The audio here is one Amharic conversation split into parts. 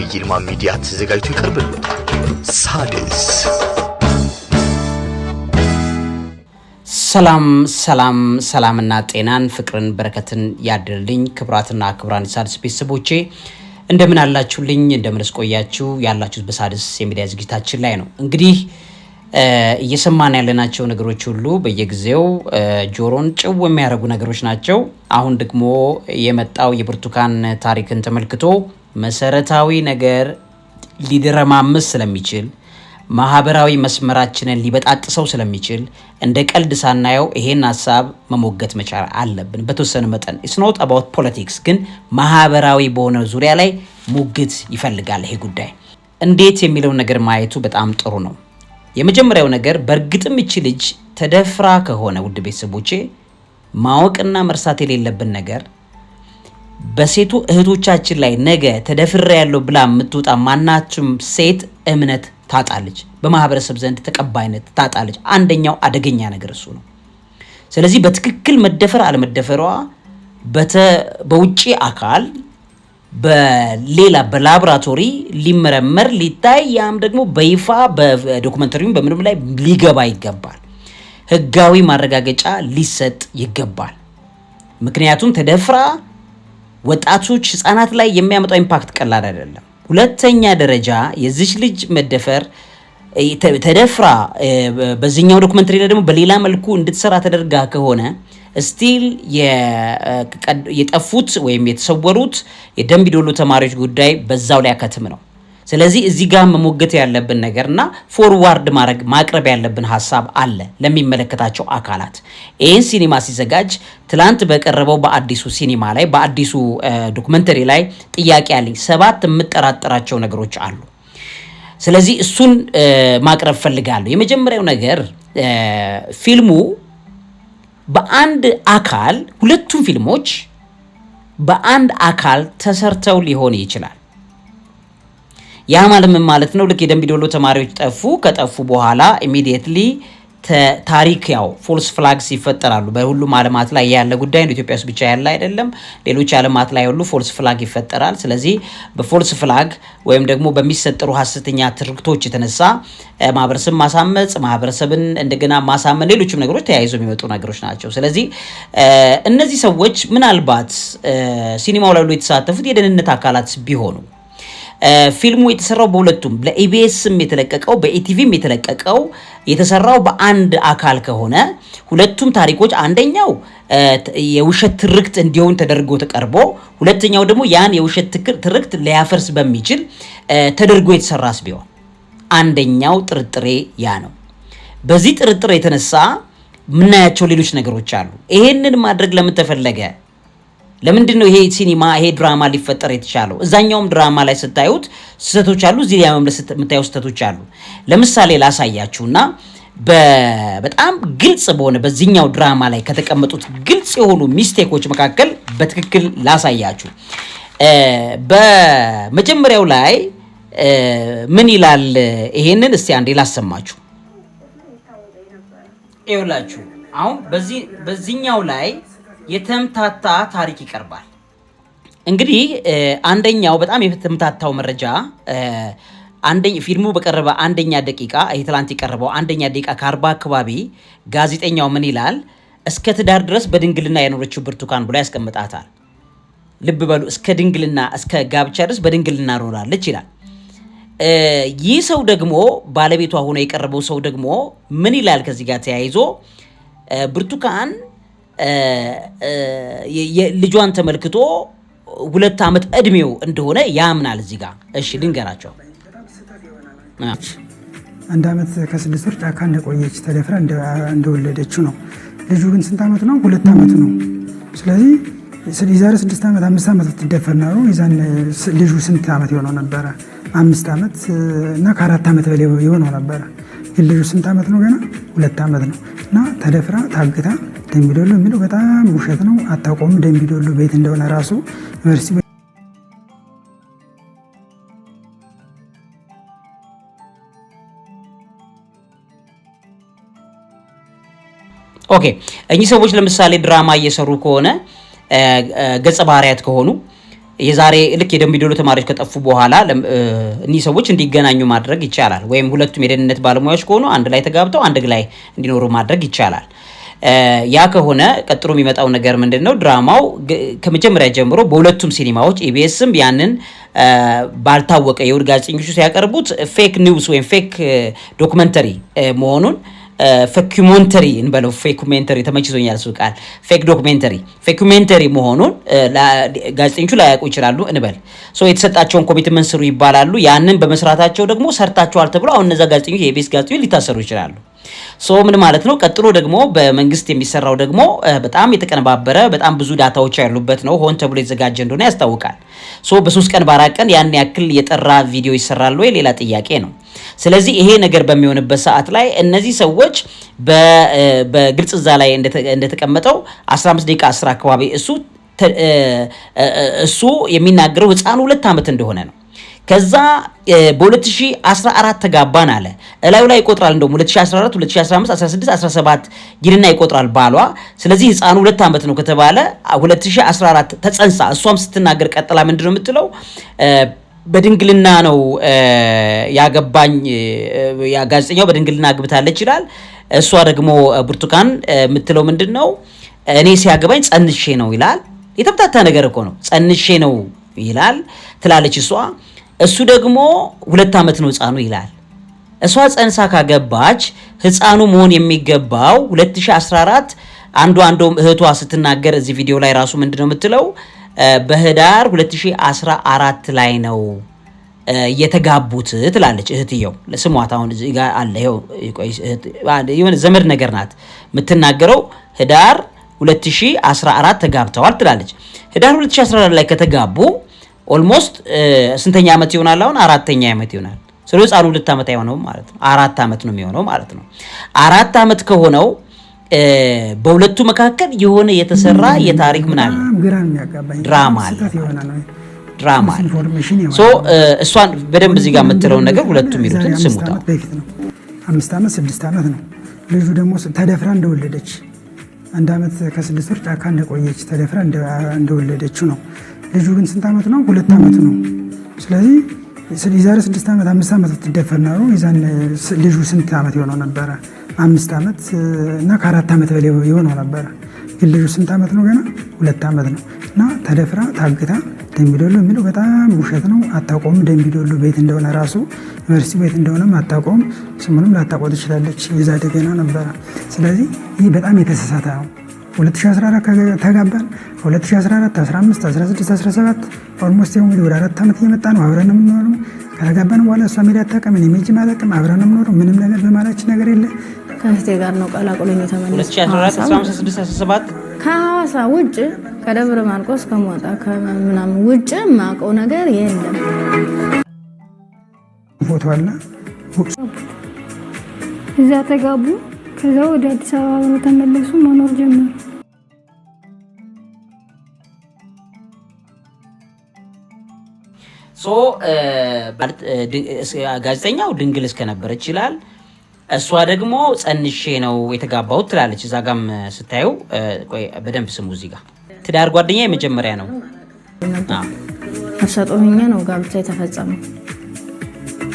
በዐቢይ ይልማ ሚዲያ ተዘጋጅቶ ይቀርብልዎታል። ሣድስ ሰላም ሰላም ሰላምና ጤናን ፍቅርን በረከትን ያድርልኝ። ክብራትና ክብራን የሣድስ ቤተሰቦቼ እንደምን አላችሁልኝ? እንደምን ስቆያችሁ? ያላችሁት በሣድስ የሚዲያ ዝግጅታችን ላይ ነው። እንግዲህ እየሰማን ያለናቸው ነገሮች ሁሉ በየጊዜው ጆሮን ጭው የሚያደርጉ ነገሮች ናቸው። አሁን ደግሞ የመጣው የብርቱካን ታሪክን ተመልክቶ መሰረታዊ ነገር ሊደረማምስ ስለሚችል ማህበራዊ መስመራችንን ሊበጣጥሰው ስለሚችል እንደ ቀልድ ሳናየው ይሄን ሀሳብ መሞገት መቻል አለብን። በተወሰነ መጠን ስኖት አባውት ፖለቲክስ ግን ማህበራዊ በሆነ ዙሪያ ላይ ሙግት ይፈልጋል ይሄ ጉዳይ እንዴት የሚለው ነገር ማየቱ በጣም ጥሩ ነው። የመጀመሪያው ነገር በእርግጥም ይቺ ልጅ ተደፍራ ከሆነ ውድ ቤተሰቦቼ ማወቅና መርሳት የሌለብን ነገር በሴቱ እህቶቻችን ላይ ነገ ተደፍሬ ያለው ብላ የምትወጣ ማናችም ሴት እምነት ታጣለች፣ በማህበረሰብ ዘንድ ተቀባይነት ታጣለች። አንደኛው አደገኛ ነገር እሱ ነው። ስለዚህ በትክክል መደፈር አለመደፈሯ በውጪ አካል በሌላ በላቦራቶሪ ሊመረመር ሊታይ፣ ያም ደግሞ በይፋ በዶክመንተሪውም በምንም ላይ ሊገባ ይገባል። ህጋዊ ማረጋገጫ ሊሰጥ ይገባል። ምክንያቱም ተደፍራ ወጣቶች፣ ህጻናት ላይ የሚያመጣው ኢምፓክት ቀላል አይደለም። ሁለተኛ ደረጃ የዚች ልጅ መደፈር ተደፍራ በዚህኛው ዶክመንተሪ ላይ ደግሞ በሌላ መልኩ እንድትሰራ ተደርጋ ከሆነ ስቲል የጠፉት ወይም የተሰወሩት የደምቢ ተማሪዎች ጉዳይ በዛው ላይ አከትም ነው። ስለዚህ እዚህ ጋር መሞገት ያለብን እና ፎርዋርድ ማድረግ ማቅረብ ያለብን ሀሳብ አለ ለሚመለከታቸው አካላት። ይህን ሲኒማ ሲዘጋጅ ትላንት በቀረበው በአዲሱ ሲኒማ ላይ በአዲሱ ዶክመንተሪ ላይ ጥያቄ አለኝ። ሰባት የምጠራጠራቸው ነገሮች አሉ። ስለዚህ እሱን ማቅረብ ፈልጋለሁ። የመጀመሪያው ነገር ፊልሙ በአንድ አካል ሁለቱም ፊልሞች በአንድ አካል ተሰርተው ሊሆን ይችላል። ያ ማለት ምን ማለት ነው? ልክ የደምቢ ዶሎ ተማሪዎች ጠፉ። ከጠፉ በኋላ ኢሚዲየትሊ ታሪክ ያው ፎልስ ፍላግስ ይፈጠራሉ። በሁሉም ዓለማት ላይ ያለ ጉዳይ ነው። ኢትዮጵያ ውስጥ ብቻ ያለ አይደለም። ሌሎች ዓለማት ላይ ሁሉ ፎልስ ፍላግ ይፈጠራል። ስለዚህ በፎልስ ፍላግ ወይም ደግሞ በሚሰጠሩ ሀሰተኛ ትርክቶች የተነሳ ማህበረሰብ ማሳመጽ፣ ማህበረሰብን እንደገና ማሳመን፣ ሌሎችም ነገሮች ተያይዞ የሚመጡ ነገሮች ናቸው። ስለዚህ እነዚህ ሰዎች ምናልባት ሲኒማው ላይ ሁሉ የተሳተፉት የደህንነት አካላት ቢሆኑ ፊልሙ የተሰራው በሁለቱም ለኢቢኤስም የተለቀቀው በኢቲቪም የተለቀቀው የተሰራው በአንድ አካል ከሆነ ሁለቱም ታሪኮች አንደኛው የውሸት ትርክት እንዲሆን ተደርጎ ተቀርቦ፣ ሁለተኛው ደግሞ ያን የውሸት ትርክት ሊያፈርስ በሚችል ተደርጎ የተሰራስ ቢሆን አንደኛው ጥርጥሬ ያ ነው። በዚህ ጥርጥር የተነሳ የምናያቸው ሌሎች ነገሮች አሉ። ይሄንን ማድረግ ለምን ተፈለገ? ለምንድን ነው ይሄ ሲኒማ ይሄ ድራማ ሊፈጠር የተቻለው? እዛኛውም ድራማ ላይ ስታዩት ስህተቶች አሉ፣ እዚህ ላይ የምታዩ ስህተቶች አሉ። ለምሳሌ ላሳያችሁና በጣም ግልጽ በሆነ በዚህኛው ድራማ ላይ ከተቀመጡት ግልጽ የሆኑ ሚስቴኮች መካከል በትክክል ላሳያችሁ። በመጀመሪያው ላይ ምን ይላል? ይሄንን እስቲ አንዴ ላሰማችሁ። ይኸውላችሁ አሁን በዚህኛው ላይ የተምታታ ታሪክ ይቀርባል። እንግዲህ አንደኛው በጣም የተምታታው መረጃ ፊልሙ በቀረበ አንደኛ ደቂቃ የትላንት የቀረበው አንደኛ ደቂቃ ከአርባ አካባቢ ጋዜጠኛው ምን ይላል? እስከ ትዳር ድረስ በድንግልና የኖረችው ብርቱካን ብሎ ያስቀምጣታል። ልብ በሉ እስከ ድንግልና እስከ ጋብቻ ድረስ በድንግልና ኖራለች ይላል። ይህ ሰው ደግሞ ባለቤቷ ሆኖ የቀረበው ሰው ደግሞ ምን ይላል? ከዚህ ጋር ተያይዞ ብርቱካን ልጇን ተመልክቶ ሁለት ዓመት እድሜው እንደሆነ ያምናል። እዚህ ጋር እሺ ልንገራቸው። አንድ ዓመት ከስድስት ወር ጫካ እንደቆየች ተደፍራ እንደወለደችው ነው። ልጁ ግን ስንት ዓመት ነው? ሁለት ዓመት ነው። ስለዚህ የዛሬ ስድስት ዓመት አምስት ዓመት ትደፈር ነው የዛን ልጁ ስንት ዓመት የሆነው ነበረ? አምስት ዓመት እና ከአራት ዓመት በላይ የሆነው ነበረ። ልጁ ስንት ዓመት ነው? ገና ሁለት ዓመት ነው እና ተደፍራ ታግታ ደምቢዶሎ የሚለው በጣም ውሸት ነው። አታቆም ደምቢዶሎ ቤት እንደሆነ ራሱ ዩኒቨርሲቲ ኦኬ እኚህ ሰዎች ለምሳሌ ድራማ እየሰሩ ከሆነ ገጸ ባህሪያት ከሆኑ የዛሬ ልክ የደምቢዶሎ ተማሪዎች ከጠፉ በኋላ እኚህ ሰዎች እንዲገናኙ ማድረግ ይቻላል። ወይም ሁለቱም የደህንነት ባለሙያዎች ከሆኑ አንድ ላይ ተጋብተው አንድ ላይ እንዲኖሩ ማድረግ ይቻላል። ያ ከሆነ ቀጥሎ የሚመጣው ነገር ምንድን ነው? ድራማው ከመጀመሪያ ጀምሮ በሁለቱም ሲኒማዎች ኢቢኤስም ያንን ባልታወቀ የውድ ጋዜጠኞቹ ሲያቀርቡት ፌክ ኒውስ ወይም ፌክ ዶክመንተሪ መሆኑን ፌኩሜንተሪ እንበለው ፌኩሜንተሪ ተመችቶኛል እሱ ቃል ፌክ ዶክሜንተሪ ፌኩሜንተሪ መሆኑን ጋዜጠኞቹ ላያውቁ ይችላሉ እንበል ሶ የተሰጣቸውን ኮሚትመንት ስሩ ይባላሉ ያንን በመስራታቸው ደግሞ ሰርታቸዋል ተብሎ አሁን እነዛ ጋዜጠኞች የኢቢኤስ ጋዜጠኞች ሊታሰሩ ይችላሉ ሶ ምን ማለት ነው? ቀጥሎ ደግሞ በመንግስት የሚሰራው ደግሞ በጣም የተቀነባበረ በጣም ብዙ ዳታዎች ያሉበት ነው። ሆን ተብሎ የተዘጋጀ እንደሆነ ያስታውቃል። ሶ በሶስት ቀን በአራት ቀን ያን ያክል የጠራ ቪዲዮ ይሰራል ወይ? ሌላ ጥያቄ ነው። ስለዚህ ይሄ ነገር በሚሆንበት ሰዓት ላይ እነዚህ ሰዎች በግልጽ እዛ ላይ እንደተቀመጠው 15 ደቂቃ 10 አካባቢ እሱ እሱ የሚናገረው ህፃኑ ሁለት ዓመት እንደሆነ ነው ከዛ በ2014 ተጋባን አለ። እላዩ ላይ ይቆጥራል። እንደውም 2014፣ 2015፣ 16፣ 17 ይልና ይቆጥራል ባሏ። ስለዚህ ህፃኑ ሁለት ዓመት ነው ከተባለ 2014 ተጸንሳ እሷም ስትናገር ቀጥላ ምንድን ነው የምትለው? በድንግልና ነው ያገባኝ። ጋዜጠኛው በድንግልና አግብታለች ይላል። እሷ ደግሞ ብርቱካን የምትለው ምንድን ነው? እኔ ሲያገባኝ ጸንሼ ነው ይላል። የተምታታ ነገር እኮ ነው። ጸንሼ ነው ይላል ትላለች እሷ። እሱ ደግሞ ሁለት ዓመት ነው ህፃኑ ይላል። እሷ ጸንሳ ካገባች ህፃኑ መሆን የሚገባው 2014 አንዱ አንዶም እህቷ ስትናገር እዚህ ቪዲዮ ላይ ራሱ ምንድነው የምትለው በህዳር 2014 ላይ ነው የተጋቡት ትላለች። እህትየው ስሟት አሁን እዚህ ጋር አለ። የሆነ ዘመድ ነገር ናት የምትናገረው። ህዳር 2014 ተጋብተዋል ትላለች። ህዳር 2014 ላይ ከተጋቡ ኦልሞስት ስንተኛ ዓመት ይሆናል? አሁን አራተኛ ዓመት ይሆናል። ስለዚህ ህፃኑ ሁለት ዓመት አይሆነውም ማለት ነው። አራት ዓመት ነው የሚሆነው ማለት ነው። አራት ዓመት ከሆነው በሁለቱ መካከል የሆነ የተሰራ የታሪክ ምን አለ ድራማ አለ ድራማ አለ። እሷን በደንብ እዚህ ጋር የምትለውን ነገር ሁለቱ የሚሉትን ስሙታ። አምስት ዓመት ስድስት ዓመት ነው ልጁ ደግሞ ተደፍራ እንደወለደች አንድ ዓመት ከስድስት ወር ጫካ እንደቆየች ተደፍራ እንደወለደችው ነው ልጁ ግን ስንት ዓመት ነው? ሁለት ዓመት ነው። ስለዚህ የዛሬ ስድስት ዓመት አምስት ዓመት ትደፈር ነው። የዛን ልጁ ስንት ዓመት የሆነው ነበረ? አምስት ዓመት እና ከአራት ዓመት በላይ የሆነው ነበረ። ግን ልጁ ስንት ዓመት ነው? ገና ሁለት ዓመት ነው። እና ተደፍራ ታግታ ደምቢዶሎ የሚለው በጣም ውሸት ነው። አታቆም ደምቢዶሎ ቤት እንደሆነ ራሱ ዩኒቨርሲቲ ቤት እንደሆነም አታቆም። ስሙንም ላታቆ ትችላለች። የዛ ደገና ነበረ። ስለዚህ ይህ በጣም የተሳሳተ ነው። 2014 ተጋባን። 2014 15 16 17 ኦልሞስት ይሁን ወደ አራት ዓመት እየመጣ ነው አብረን የምንኖረው። ከተጋባን በኋላ እሷ ሜዳ አታውቅም፣ እኔም ሂጅ አላውቅም። አብረን የምንኖረው ምንም ነገር በማላችን ነገር የለ ከእህቴ ጋር ነው ቀላቅሎኝ የተመለስኩት። ከሐዋሳ ውጭ ከደብረ ማርቆስ ከሞጣ ከምናምን ውጭ የማውቀው ነገር የለም። ፎቶ አለ እዛ ተጋቡ። ከዛ ወደ አዲስ አበባ ተመለሱ መኖር ጀመሩ። ጋዜጠኛው ድንግል እስከነበረች ይችላል። እሷ ደግሞ ጸንሼ ነው የተጋባሁት ትላለች። እዛ ጋም ስታዩ በደንብ ስሙ። እዚህ ጋ ትዳር ጓደኛ የመጀመሪያ ነው አሻጦኛ ነው ጋብቻ የተፈጸመው።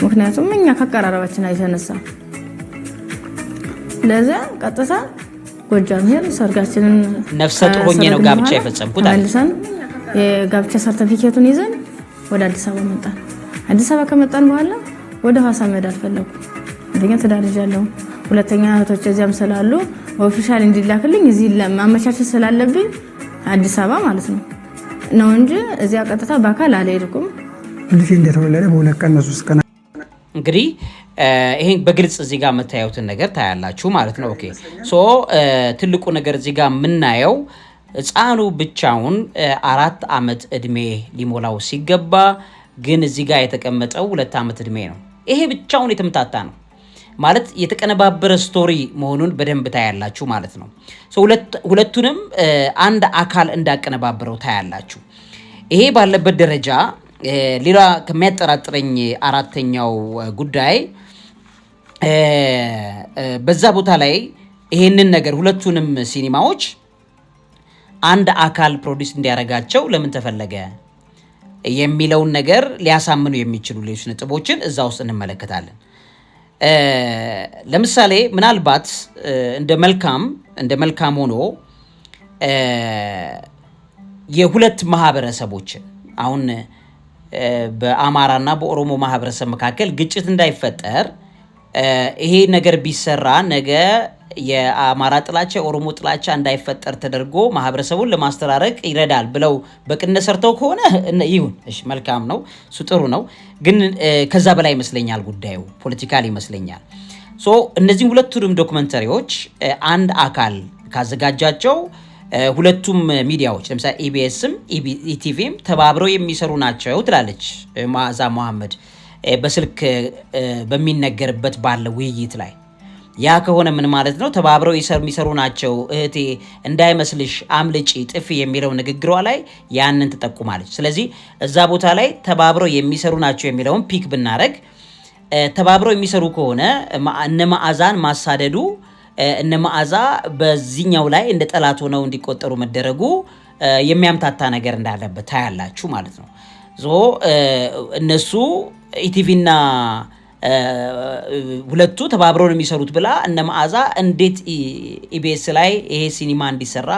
ምክንያቱም እኛ ከአቀራረባችን አይተነሳ ለዚያ ቀጥታ ጎጃም ሄር ሰርጋችንን ነፍሰ ጡር ሆኜ ነው ጋብቻ የፈጸምኩት መልሰን የጋብቻ ሰርተፊኬቱን ይዘን ወደ አዲስ አበባ መጣን። አዲስ አበባ ከመጣን በኋላ ወደ ሀዋሳ መሄድ አልፈለጉ። አንደኛ ትዳር ሁለተኛ እህቶች እዚያም ስላሉ ኦፊሻል እንዲላክልኝ እዚህ ማመቻቸት ስላለብኝ አዲስ አበባ ማለት ነው ነው እንጂ እዚያ ቀጥታ በአካል አልሄድኩም። ልጅ እንደተወለደ በሁለት ቀን ሶስት እንግዲህ ይሄን በግልጽ እዚህ ጋር የምታዩትን ነገር ታያላችሁ ማለት ነው። ኦኬ ሶ ትልቁ ነገር እዚህ ጋር የምናየው ህፃኑ ብቻውን አራት ዓመት እድሜ ሊሞላው ሲገባ ግን እዚህ ጋር የተቀመጠው ሁለት ዓመት እድሜ ነው። ይሄ ብቻውን የተምታታ ነው ማለት የተቀነባበረ ስቶሪ መሆኑን በደንብ ታያላችሁ ማለት ነው። ሁለቱንም አንድ አካል እንዳቀነባበረው ታያላችሁ። ይሄ ባለበት ደረጃ ሌላ ከሚያጠራጥረኝ አራተኛው ጉዳይ በዛ ቦታ ላይ ይሄንን ነገር ሁለቱንም ሲኒማዎች አንድ አካል ፕሮዲስ እንዲያደርጋቸው ለምን ተፈለገ የሚለውን ነገር ሊያሳምኑ የሚችሉ ሌሎች ነጥቦችን እዛ ውስጥ እንመለከታለን። ለምሳሌ ምናልባት እንደ መልካም እንደ መልካም ሆኖ የሁለት ማህበረሰቦችን አሁን በአማራና በኦሮሞ ማህበረሰብ መካከል ግጭት እንዳይፈጠር ይሄ ነገር ቢሰራ ነገ የአማራ ጥላቻ የኦሮሞ ጥላቻ እንዳይፈጠር ተደርጎ ማህበረሰቡን ለማስተራረቅ ይረዳል ብለው በቅነ ሰርተው ከሆነ ይሁን፣ እሺ፣ መልካም ነው፣ እሱ ጥሩ ነው። ግን ከዛ በላይ ይመስለኛል ጉዳዩ ፖለቲካል ይመስለኛል። ሶ እነዚህ ሁለቱንም ዶክመንተሪዎች አንድ አካል ካዘጋጃቸው ሁለቱም ሚዲያዎች ለምሳሌ ኢቢኤስም ኢቲቪም ተባብረው የሚሰሩ ናቸው ትላለች ማዛ መሐመድ በስልክ በሚነገርበት ባለ ውይይት ላይ ያ ከሆነ ምን ማለት ነው? ተባብረው የሚሰሩ ናቸው። እህቴ እንዳይመስልሽ አምልጪ፣ ጥፊ የሚለው ንግግሯ ላይ ያንን ትጠቁማለች። ስለዚህ እዛ ቦታ ላይ ተባብረው የሚሰሩ ናቸው የሚለውን ፒክ ብናደረግ ተባብረው የሚሰሩ ከሆነ እነ መዓዛን ማሳደዱ እነ መዓዛ በዚህኛው ላይ እንደ ጠላት ሆነው እንዲቆጠሩ መደረጉ የሚያምታታ ነገር እንዳለበት ታያላችሁ ማለት ነው። ዞ እነሱ ኢቲቪና ሁለቱ ተባብረው ነው የሚሰሩት ብላ እነ መዓዛ እንዴት ኢቢኤስ ላይ ይሄ ሲኒማ እንዲሰራ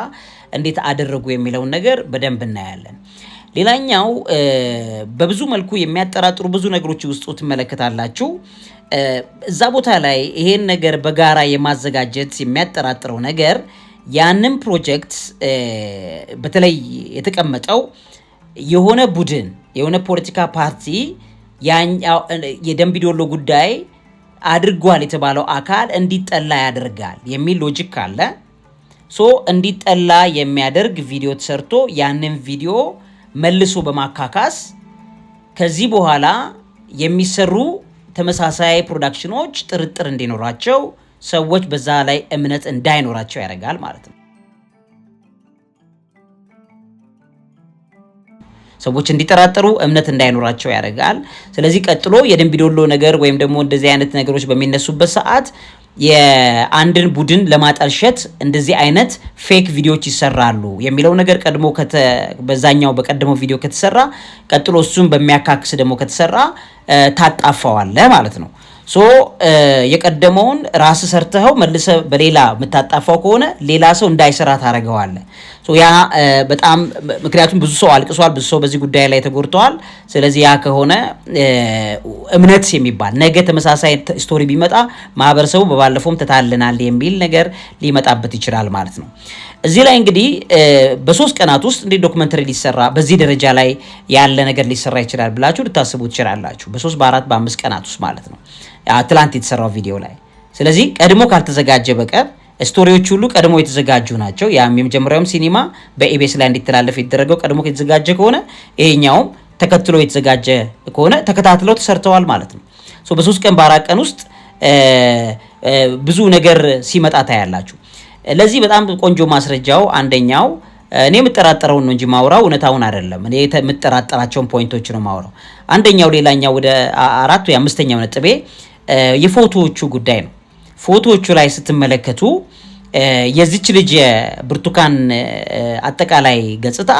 እንዴት አደረጉ የሚለውን ነገር በደንብ እናያለን። ሌላኛው በብዙ መልኩ የሚያጠራጥሩ ብዙ ነገሮች ውስጡ ትመለከታላችሁ። እዛ ቦታ ላይ ይሄን ነገር በጋራ የማዘጋጀት የሚያጠራጥረው ነገር ያንን ፕሮጀክት በተለይ የተቀመጠው የሆነ ቡድን የሆነ ፖለቲካ ፓርቲ የደምቢ ጉዳይ አድርጓል የተባለው አካል እንዲጠላ ያደርጋል የሚል ሎጂክ ካለ ሶ እንዲጠላ የሚያደርግ ቪዲዮ ተሰርቶ ያንን ቪዲዮ መልሶ በማካካስ ከዚህ በኋላ የሚሰሩ ተመሳሳይ ፕሮዳክሽኖች ጥርጥር እንዲኖራቸው ሰዎች በዛ ላይ እምነት እንዳይኖራቸው ያደርጋል ማለት ነው። ሰዎች እንዲጠራጠሩ እምነት እንዳይኖራቸው ያደርጋል። ስለዚህ ቀጥሎ የደንቢዶሎ ነገር ወይም ደግሞ እንደዚህ አይነት ነገሮች በሚነሱበት ሰዓት የአንድን ቡድን ለማጠልሸት እንደዚህ አይነት ፌክ ቪዲዮዎች ይሰራሉ የሚለው ነገር ቀድሞ በዛኛው በቀደመው ቪዲዮ ከተሰራ ቀጥሎ እሱን በሚያካክስ ደግሞ ከተሰራ ታጣፋዋለህ ማለት ነው። ሶ የቀደመውን ራስ ሰርተኸው መልሰ በሌላ የምታጣፋው ከሆነ ሌላ ሰው እንዳይሰራ ታደርገዋለህ። ያ በጣም ምክንያቱም ብዙ ሰው አልቅሷል፣ ብዙ ሰው በዚህ ጉዳይ ላይ ተጎድተዋል። ስለዚህ ያ ከሆነ እምነት የሚባል ነገ ተመሳሳይ ስቶሪ ቢመጣ ማህበረሰቡ በባለፈውም ተታልናል የሚል ነገር ሊመጣበት ይችላል ማለት ነው። እዚህ ላይ እንግዲህ በሶስት ቀናት ውስጥ እንዴት ዶክመንተሪ ሊሰራ በዚህ ደረጃ ላይ ያለ ነገር ሊሰራ ይችላል ብላችሁ ልታስቡ ትችላላችሁ። በሶስት በአራት በአምስት ቀናት ውስጥ ማለት ነው ትላንት የተሰራው ቪዲዮ ላይ ስለዚህ ቀድሞ ካልተዘጋጀ በቀር ስቶሪዎች ሁሉ ቀድሞ የተዘጋጁ ናቸው። ያም የመጀመሪያውም ሲኒማ በኢቢኤስ ላይ እንዲተላለፍ የተደረገው ቀድሞ የተዘጋጀ ከሆነ ይሄኛውም ተከትሎ የተዘጋጀ ከሆነ ተከታትለው ተሰርተዋል ማለት ነው። በሶስት ቀን በአራት ቀን ውስጥ ብዙ ነገር ሲመጣ ታያላችሁ። ለዚህ በጣም ቆንጆ ማስረጃው አንደኛው እኔ የምጠራጠረውን ነው እንጂ ማውራው እውነታውን አይደለም። እኔ የምጠራጠራቸውን ፖይንቶች ነው ማውራው። አንደኛው ሌላኛው ወደ አራት ወይ አምስተኛው ነጥቤ የፎቶዎቹ ጉዳይ ነው። ፎቶዎቹ ላይ ስትመለከቱ የዚች ልጅ የብርቱካን አጠቃላይ ገጽታ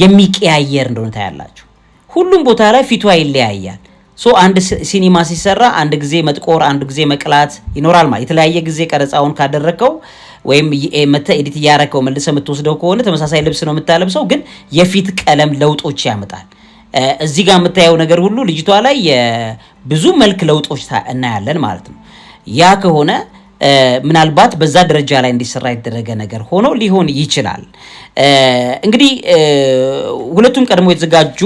የሚቀያየር እንደሆነ ታያላችሁ። ሁሉም ቦታ ላይ ፊቷ ይለያያል። ሶ አንድ ሲኒማ ሲሰራ አንድ ጊዜ መጥቆር፣ አንድ ጊዜ መቅላት ይኖራል ማለት የተለያየ ጊዜ ቀረጻውን ካደረከው ወይም መተህ ኤዲት እያረከው መልሰ የምትወስደው ከሆነ ተመሳሳይ ልብስ ነው የምታለብሰው፣ ግን የፊት ቀለም ለውጦች ያመጣል። እዚህ ጋር የምታየው ነገር ሁሉ ልጅቷ ላይ ብዙ መልክ ለውጦች እናያለን ማለት ነው። ያ ከሆነ ምናልባት በዛ ደረጃ ላይ እንዲሰራ የተደረገ ነገር ሆኖ ሊሆን ይችላል። እንግዲህ ሁለቱም ቀድሞ የተዘጋጁ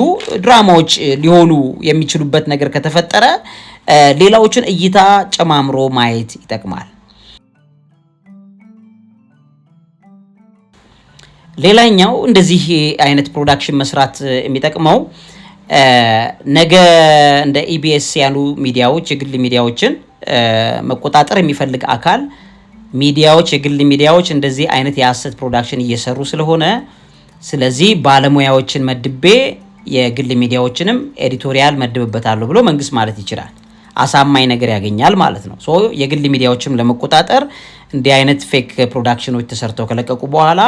ድራማዎች ሊሆኑ የሚችሉበት ነገር ከተፈጠረ ሌላዎችን እይታ ጨማምሮ ማየት ይጠቅማል። ሌላኛው እንደዚህ አይነት ፕሮዳክሽን መስራት የሚጠቅመው ነገ እንደ ኢቢኤስ e ያሉ ሚዲያዎች የግል ሚዲያዎችን መቆጣጠር የሚፈልግ አካል ሚዲያዎች፣ የግል ሚዲያዎች እንደዚህ አይነት የሀሰት ፕሮዳክሽን እየሰሩ ስለሆነ ስለዚህ ባለሙያዎችን መድቤ የግል ሚዲያዎችንም ኤዲቶሪያል መድብበታለሁ ብሎ መንግስት ማለት ይችላል። አሳማኝ ነገር ያገኛል ማለት ነው። የግል ሚዲያዎችም ለመቆጣጠር እንዲህ አይነት ፌክ ፕሮዳክሽኖች ተሰርተው ከለቀቁ በኋላ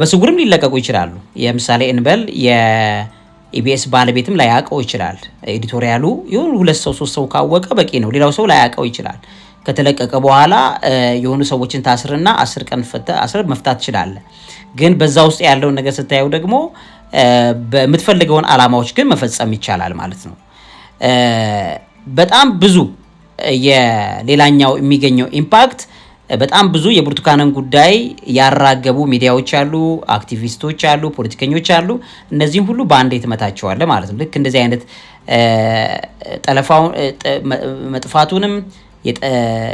በስውርም ሊለቀቁ ይችላሉ። የምሳሌ እንበል ኢቢኤስ ባለቤትም ላያውቀው ይችላል። ኤዲቶሪያሉ የሆኑ ሁለት ሰው ሶስት ሰው ካወቀ በቂ ነው። ሌላው ሰው ላያውቀው ይችላል። ከተለቀቀ በኋላ የሆኑ ሰዎችን ታስርና አስር ቀን አስር መፍታት ትችላለ። ግን በዛ ውስጥ ያለውን ነገር ስታየው ደግሞ በምትፈልገውን አላማዎች ግን መፈጸም ይቻላል ማለት ነው። በጣም ብዙ የሌላኛው የሚገኘው ኢምፓክት በጣም ብዙ የብርቱካንን ጉዳይ ያራገቡ ሚዲያዎች አሉ፣ አክቲቪስቶች አሉ፣ ፖለቲከኞች አሉ። እነዚህም ሁሉ በአንድ የተመታቸዋለ ማለት ነው። ልክ እንደዚህ አይነት መጥፋቱንም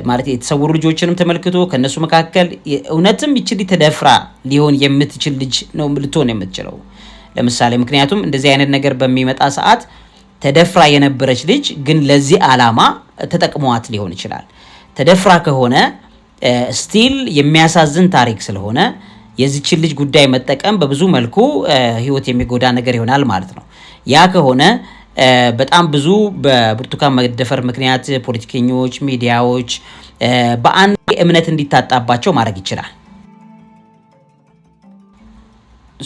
ማለት የተሰወሩ ልጆችንም ተመልክቶ ከእነሱ መካከል እውነትም ይችል ተደፍራ ሊሆን የምትችል ልጅ ነው ልትሆን የምትችለው ለምሳሌ ምክንያቱም እንደዚህ አይነት ነገር በሚመጣ ሰዓት ተደፍራ የነበረች ልጅ ግን ለዚህ አላማ ተጠቅሟት ሊሆን ይችላል። ተደፍራ ከሆነ ስቲል የሚያሳዝን ታሪክ ስለሆነ የዚችን ልጅ ጉዳይ መጠቀም በብዙ መልኩ ህይወት የሚጎዳ ነገር ይሆናል ማለት ነው። ያ ከሆነ በጣም ብዙ በብርቱካን መደፈር ምክንያት ፖለቲከኞች፣ ሚዲያዎች በአንድ እምነት እንዲታጣባቸው ማድረግ ይችላል።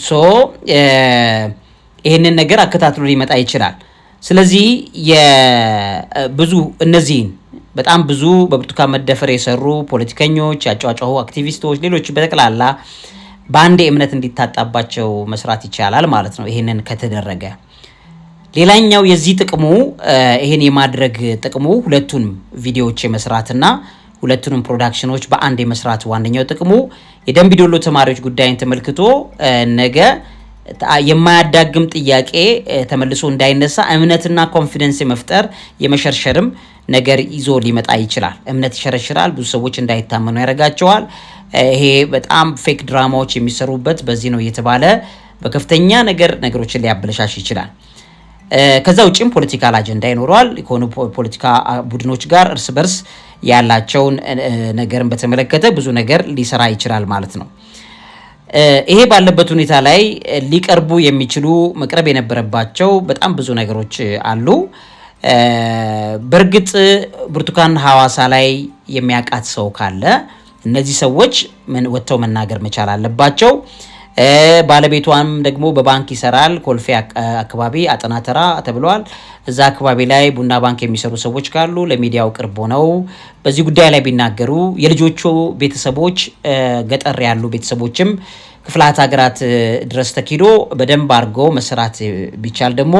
ሶ ይህንን ነገር አከታትሎ ሊመጣ ይችላል። ስለዚህ ብዙ እነዚህን በጣም ብዙ በብርቱካን መደፈር የሰሩ ፖለቲከኞች፣ ያጫጫሁ አክቲቪስቶች፣ ሌሎች በጠቅላላ በአንድ እምነት እንዲታጣባቸው መስራት ይቻላል ማለት ነው። ይሄንን ከተደረገ ሌላኛው የዚህ ጥቅሙ ይሄን የማድረግ ጥቅሙ ሁለቱን ቪዲዮዎች የመስራትና ሁለቱንም ፕሮዳክሽኖች በአንድ የመስራት ዋነኛው ጥቅሙ የደንቢ ዶሎ ተማሪዎች ጉዳይን ተመልክቶ ነገ የማያዳግም ጥያቄ ተመልሶ እንዳይነሳ እምነትና ኮንፊደንስ የመፍጠር የመሸርሸርም ነገር ይዞ ሊመጣ ይችላል። እምነት ይሸረሽራል፣ ብዙ ሰዎች እንዳይታመኑ ያደርጋቸዋል። ይሄ በጣም ፌክ ድራማዎች የሚሰሩበት በዚህ ነው እየተባለ በከፍተኛ ነገር ነገሮችን ሊያበለሻሽ ይችላል። ከዛ ውጭም ፖለቲካል አጀንዳ ይኖረዋል። ከሆኑ ፖለቲካ ቡድኖች ጋር እርስ በርስ ያላቸውን ነገርን በተመለከተ ብዙ ነገር ሊሰራ ይችላል ማለት ነው። ይሄ ባለበት ሁኔታ ላይ ሊቀርቡ የሚችሉ መቅረብ የነበረባቸው በጣም ብዙ ነገሮች አሉ። በእርግጥ ብርቱካን ሐዋሳ ላይ የሚያውቃት ሰው ካለ እነዚህ ሰዎች ወጥተው መናገር መቻል አለባቸው። ባለቤቷም ደግሞ በባንክ ይሰራል። ኮልፌ አካባቢ አጠናተራ ተብለዋል። እዛ አካባቢ ላይ ቡና ባንክ የሚሰሩ ሰዎች ካሉ ለሚዲያው ቅርብ ሆነው በዚህ ጉዳይ ላይ ቢናገሩ የልጆቹ ቤተሰቦች ገጠር ያሉ ቤተሰቦችም ክፍላት ሀገራት ድረስ ተኪዶ በደንብ አድርገው መስራት ቢቻል ደግሞ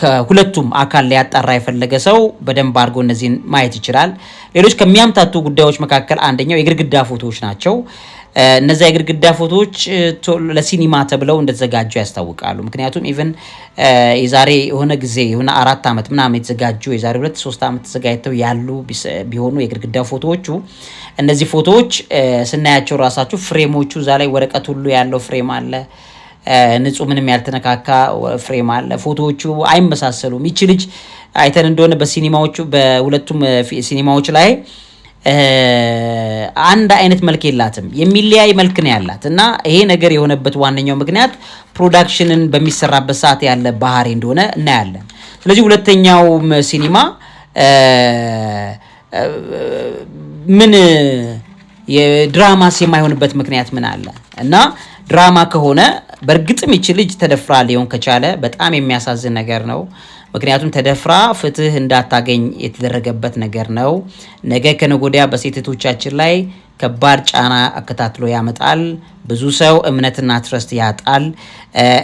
ከሁለቱም አካል ሊያጣራ የፈለገ ሰው በደንብ አድርጎ እነዚህን ማየት ይችላል። ሌሎች ከሚያምታቱ ጉዳዮች መካከል አንደኛው የግድግዳ ፎቶዎች ናቸው። እነዚያ የግድግዳ ፎቶዎች ለሲኒማ ተብለው እንደተዘጋጁ ያስታውቃሉ። ምክንያቱም ኢቨን የዛሬ የሆነ ጊዜ የሆነ አራት ዓመት ምናምን የተዘጋጁ የዛሬ ሁለት ሶስት ዓመት ተዘጋጅተው ያሉ ቢሆኑ የግድግዳ ፎቶዎቹ እነዚህ ፎቶዎች ስናያቸው ራሳችሁ ፍሬሞቹ እዛ ላይ ወረቀት ሁሉ ያለው ፍሬም አለ ንጹህ ምንም ያልተነካካ ፍሬም አለ። ፎቶዎቹ አይመሳሰሉም። ይቺ ልጅ አይተን እንደሆነ በሲኒማዎቹ በሁለቱም ሲኒማዎች ላይ አንድ አይነት መልክ የላትም፣ የሚለያይ መልክ ነው ያላት እና ይሄ ነገር የሆነበት ዋነኛው ምክንያት ፕሮዳክሽንን በሚሰራበት ሰዓት ያለ ባህሪ እንደሆነ እናያለን። ስለዚህ ሁለተኛውም ሲኒማ ምን ድራማስ የማይሆንበት ምክንያት ምን አለ እና ድራማ ከሆነ በእርግጥም ይች ልጅ ተደፍራ ሊሆን ከቻለ በጣም የሚያሳዝን ነገር ነው። ምክንያቱም ተደፍራ ፍትህ እንዳታገኝ የተደረገበት ነገር ነው። ነገ ከነጎዲያ በሴቶቻችን ላይ ከባድ ጫና አከታትሎ ያመጣል። ብዙ ሰው እምነትና ትረስት ያጣል።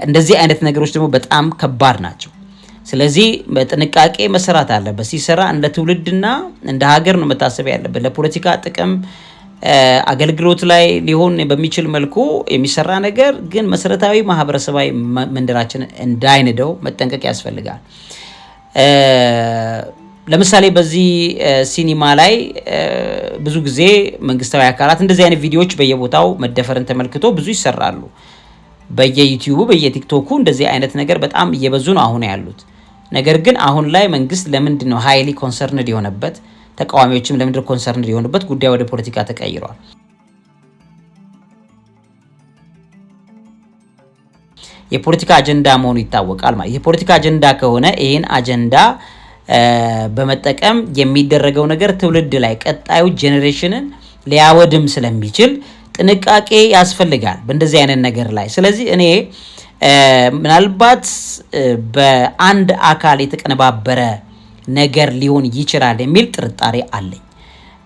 እንደዚህ አይነት ነገሮች ደግሞ በጣም ከባድ ናቸው። ስለዚህ በጥንቃቄ መሰራት አለበት። ሲሰራ እንደ ትውልድና እንደ ሀገር ነው መታሰብ ያለበት ለፖለቲካ ጥቅም አገልግሎት ላይ ሊሆን በሚችል መልኩ የሚሰራ ነገር ግን መሰረታዊ ማህበረሰባዊ መንደራችን እንዳይንደው መጠንቀቅ ያስፈልጋል። ለምሳሌ በዚህ ሲኒማ ላይ ብዙ ጊዜ መንግስታዊ አካላት እንደዚህ አይነት ቪዲዮዎች በየቦታው መደፈርን ተመልክቶ ብዙ ይሰራሉ። በየዩቲዩቡ በየቲክቶኩ እንደዚህ አይነት ነገር በጣም እየበዙ ነው አሁን ያሉት። ነገር ግን አሁን ላይ መንግስት ለምንድን ነው ሀይሊ ኮንሰርንድ የሆነበት? ተቃዋሚዎችም ለምድር ኮንሰርን የሆኑበት ጉዳይ ወደ ፖለቲካ ተቀይሯል። የፖለቲካ አጀንዳ መሆኑ ይታወቃል። ማለት የፖለቲካ አጀንዳ ከሆነ ይህን አጀንዳ በመጠቀም የሚደረገው ነገር ትውልድ ላይ ቀጣዩ ጄኔሬሽንን ሊያወድም ስለሚችል ጥንቃቄ ያስፈልጋል በእንደዚህ አይነት ነገር ላይ። ስለዚህ እኔ ምናልባት በአንድ አካል የተቀነባበረ ነገር ሊሆን ይችላል የሚል ጥርጣሬ አለኝ።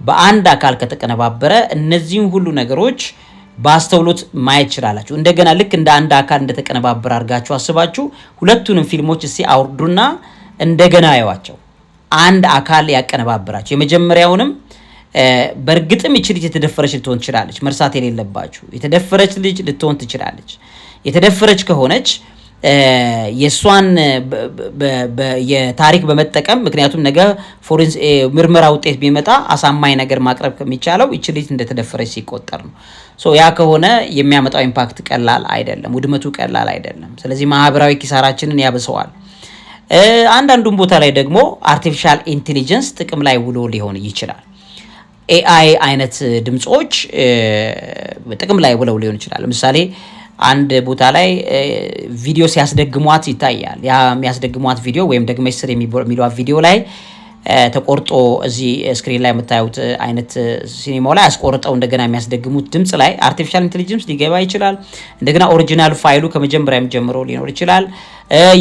በአንድ አካል ከተቀነባበረ እነዚህም ሁሉ ነገሮች በአስተውሎት ማየት ይችላላችሁ። እንደገና ልክ እንደ አንድ አካል እንደተቀነባበረ አድርጋችሁ አስባችሁ ሁለቱንም ፊልሞች እስቲ አውርዱና እንደገና ያዋቸው። አንድ አካል ያቀነባበራችሁ የመጀመሪያውንም በእርግጥም ይች ልጅ የተደፈረች ልትሆን ትችላለች። መርሳት የሌለባችሁ የተደፈረች ልጅ ልትሆን ትችላለች። የተደፈረች ከሆነች የእሷን የታሪክ በመጠቀም ምክንያቱም ነገ ምርመራ ውጤት ቢመጣ አሳማኝ ነገር ማቅረብ ከሚቻለው ይች ልጅ እንደተደፈረች ሲቆጠር ነው። ሶ ያ ከሆነ የሚያመጣው ኢምፓክት ቀላል አይደለም፣ ውድመቱ ቀላል አይደለም። ስለዚህ ማህበራዊ ኪሳራችንን ያብሰዋል። አንዳንዱን ቦታ ላይ ደግሞ አርቲፊሻል ኢንቴሊጀንስ ጥቅም ላይ ውሎ ሊሆን ይችላል። ኤአይ አይነት ድምፆች ጥቅም ላይ ውለው ሊሆን ይችላል። ለምሳሌ አንድ ቦታ ላይ ቪዲዮ ሲያስደግሟት ይታያል። ያ የሚያስደግሟት ቪዲዮ ወይም ደግመሽ ስር የሚሏት ቪዲዮ ላይ ተቆርጦ እዚህ ስክሪን ላይ የምታዩት አይነት ሲኒማው ላይ አስቆርጠው እንደገና የሚያስደግሙት ድምፅ ላይ አርቲፊሻል ኢንቴሊጀንስ ሊገባ ይችላል። እንደገና ኦሪጂናል ፋይሉ ከመጀመሪያ ጀምሮ ሊኖር ይችላል።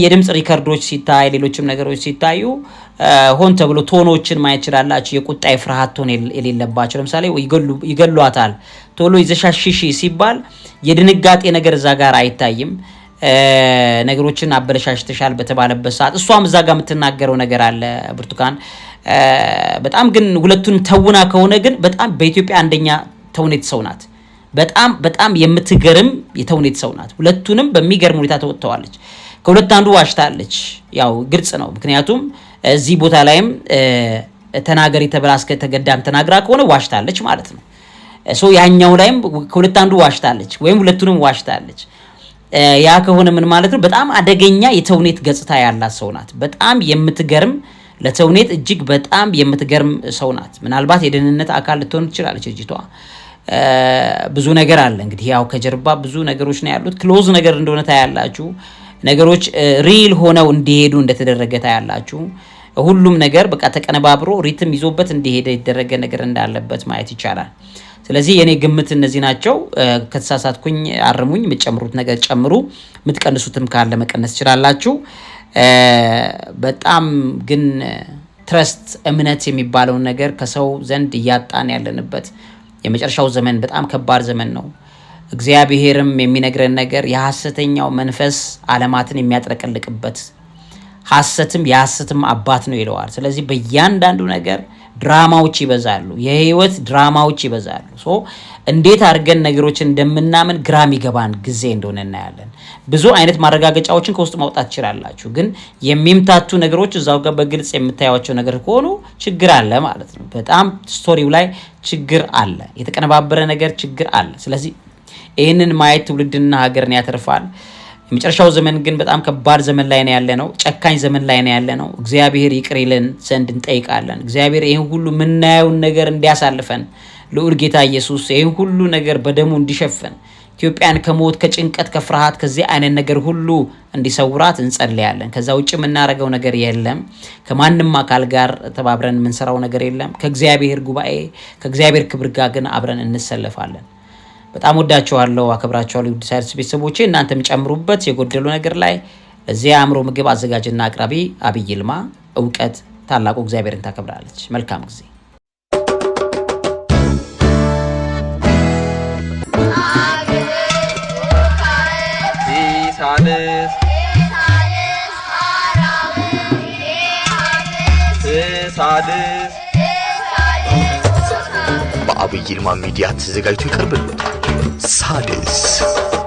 የድምፅ ሪከርዶች ሲታይ፣ ሌሎችም ነገሮች ሲታዩ ሆን ተብሎ ቶኖችን ማየት ይችላላችሁ። የቁጣ የፍርሃት ቶን የሌለባቸው ለምሳሌ ይገሏታል ቶሎ ይዘሻሽሺ ሲባል የድንጋጤ ነገር እዛ ጋር አይታይም። ነገሮችን አበለሻሽተሻል በተባለበት ሰዓት እሷም እዛ ጋር የምትናገረው ነገር አለ ብርቱካን። በጣም ግን ሁለቱን ተውና ከሆነ ግን በጣም በኢትዮጵያ አንደኛ ተውኔት ሰው ናት። በጣም በጣም የምትገርም የተውኔት ሰው ናት። ሁለቱንም በሚገርም ሁኔታ ተወጥተዋለች። ከሁለት አንዱ ዋሽታለች። ያው ግልጽ ነው። ምክንያቱም እዚህ ቦታ ላይም ተናገሪ ተብላ ተገዳም ተናግራ ከሆነ ዋሽታለች ማለት ነው። ያኛው ላይም ከሁለት አንዱ ዋሽታለች ወይም ሁለቱንም ዋሽታለች። ያ ከሆነ ምን ማለት ነው? በጣም አደገኛ የተውኔት ገጽታ ያላት ሰው ናት። በጣም የምትገርም ለተውኔት እጅግ በጣም የምትገርም ሰው ናት። ምናልባት የደህንነት አካል ልትሆን ትችላለች። እጅቷ ብዙ ነገር አለ እንግዲህ ያው ከጀርባ ብዙ ነገሮች ነው ያሉት። ክሎዝ ነገር እንደሆነ ታያላችሁ። ነገሮች ሪል ሆነው እንዲሄዱ እንደተደረገ ታያላችሁ። ሁሉም ነገር በቃ ተቀነባብሮ ሪትም ይዞበት እንዲሄደ የተደረገ ነገር እንዳለበት ማየት ይቻላል። ስለዚህ የኔ ግምት እነዚህ ናቸው። ከተሳሳትኩኝ አርሙኝ። የምትጨምሩት ነገር ጨምሩ፣ የምትቀንሱትም ካለ መቀነስ ትችላላችሁ። በጣም ግን ትረስት እምነት የሚባለውን ነገር ከሰው ዘንድ እያጣን ያለንበት የመጨረሻው ዘመን በጣም ከባድ ዘመን ነው። እግዚአብሔርም የሚነግረን ነገር የሐሰተኛው መንፈስ ዓለማትን የሚያጥረቀልቅበት ሐሰትም የሐሰትም አባት ነው ይለዋል። ስለዚህ በእያንዳንዱ ነገር ድራማዎች ይበዛሉ፣ የህይወት ድራማዎች ይበዛሉ። ሶ እንዴት አድርገን ነገሮችን እንደምናምን ግራ የሚገባን ጊዜ እንደሆነ እናያለን። ብዙ አይነት ማረጋገጫዎችን ከውስጥ ማውጣት ትችላላችሁ፣ ግን የሚምታቱ ነገሮች እዛው ጋር በግልጽ የምታያቸው ነገር ከሆኑ ችግር አለ ማለት ነው። በጣም ስቶሪው ላይ ችግር አለ፣ የተቀነባበረ ነገር ችግር አለ። ስለዚህ ይህንን ማየት ትውልድና ሀገርን ያተርፋል። የመጨረሻው ዘመን ግን በጣም ከባድ ዘመን ላይ ነው ያለ ነው። ጨካኝ ዘመን ላይ ነው ያለ ነው። እግዚአብሔር ይቅር ይልን ዘንድ እንጠይቃለን። እግዚአብሔር ይህን ሁሉ የምናየውን ነገር እንዲያሳልፈን ልዑል ጌታ ኢየሱስ ይህን ሁሉ ነገር በደሙ እንዲሸፍን ኢትዮጵያን ከሞት ከጭንቀት፣ ከፍርሃት ከዚህ አይነት ነገር ሁሉ እንዲሰውራት እንጸልያለን። ከዛ ውጭ የምናደርገው ነገር የለም። ከማንም አካል ጋር ተባብረን የምንሰራው ነገር የለም። ከእግዚአብሔር ጉባኤ ከእግዚአብሔር ክብር ጋር ግን አብረን እንሰለፋለን። በጣም ወዳችኋለሁ፣ አከብራችኋለሁ። ውድ ሣድስ ቤተሰቦቼ እናንተም ጨምሩበት። የጎደሉ ነገር ላይ እዚያ አእምሮ ምግብ አዘጋጅና አቅራቢ አብይ ይልማ። እውቀት ታላቁ እግዚአብሔርን ታከብራለች። መልካም ጊዜ በአብይ ይልማ ሚዲያ ተዘጋጅቶ ይቀርብልዎታል። Sardis.